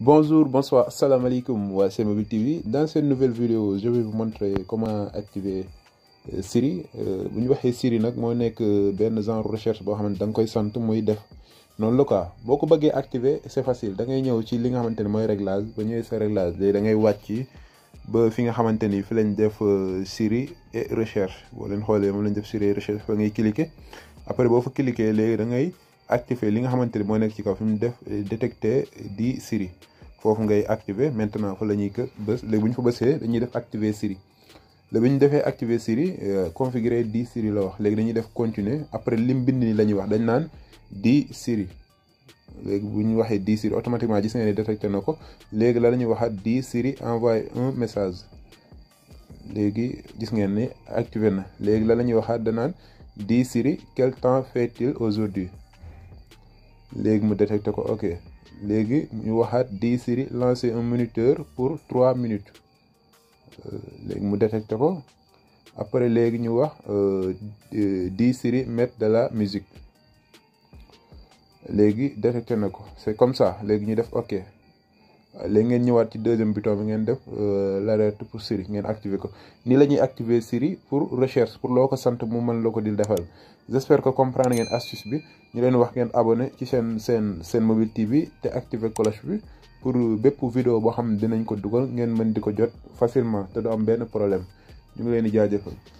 Bonjour, bonsoir, salam alaikum, c'est Mobile TV. Dans cette nouvelle vidéo, je vais vous montrer comment activer euh, Siri. Vous euh, ñu voyez Siri nag moo nekk euh, benn genre recherche boo xamante da nga koy sant muy def Non, la quoi boo ko activer c'est facile da ngay ñëw ci li nga xamante ne réglage ba ñëwee sa réglage léegi da ngay wàcc ba fi nga xamante ni fi lañ def Siri et recherche boo leen xoolee moom lañ def Siri et recherche fa ngay cliquer après boo fa cliquer léegi da activer li nga xamanteni ni nek ci kaw fi mu def détecter di Siri fofu ngay activer maintenant fa la ñuy beus bës buñ fa bësee dañuy def activer Siri Le buñ défé activer Siri euh, configurer di Siri la wax léegi dañuy def continuer après lim bind ni la wax dañ nan di Siri léegi buñ ñu di Siri automatiquement gis nga ne détecté na la lañuy waxat di Siri envoie un message léegi gis ngeen ni activer na la lañuy waxat waxaat nan di Siri quel temps fait-il aujourd'hui léegi mu détecté ko ok léegi ñu waxaat di Siri lancer un minuteur pour trois minutes euh, léegi mu détecté ko après léegi ñu wax euh, euh, di Siri mettre de la musique léegi détecté na ko c'est comme ça léegi ñu def ok le ngeen ñëwaat ci deuxième bouton bi ngeen def euh, la rete pour siri ngeen activer ko ni lañuy activer siri pour recherche pour loko sante mu mën loko dil defal j'espère que comprendre ngeen astuce bi ñu leen wax ngeen abonné ci sen sen sen mobile tv te activer cloche bi pour bépp vidéo bo xam dinañ ko duggal ngeen mën diko jot facilement te do am ben problème ñu ngi leen di jaajeufal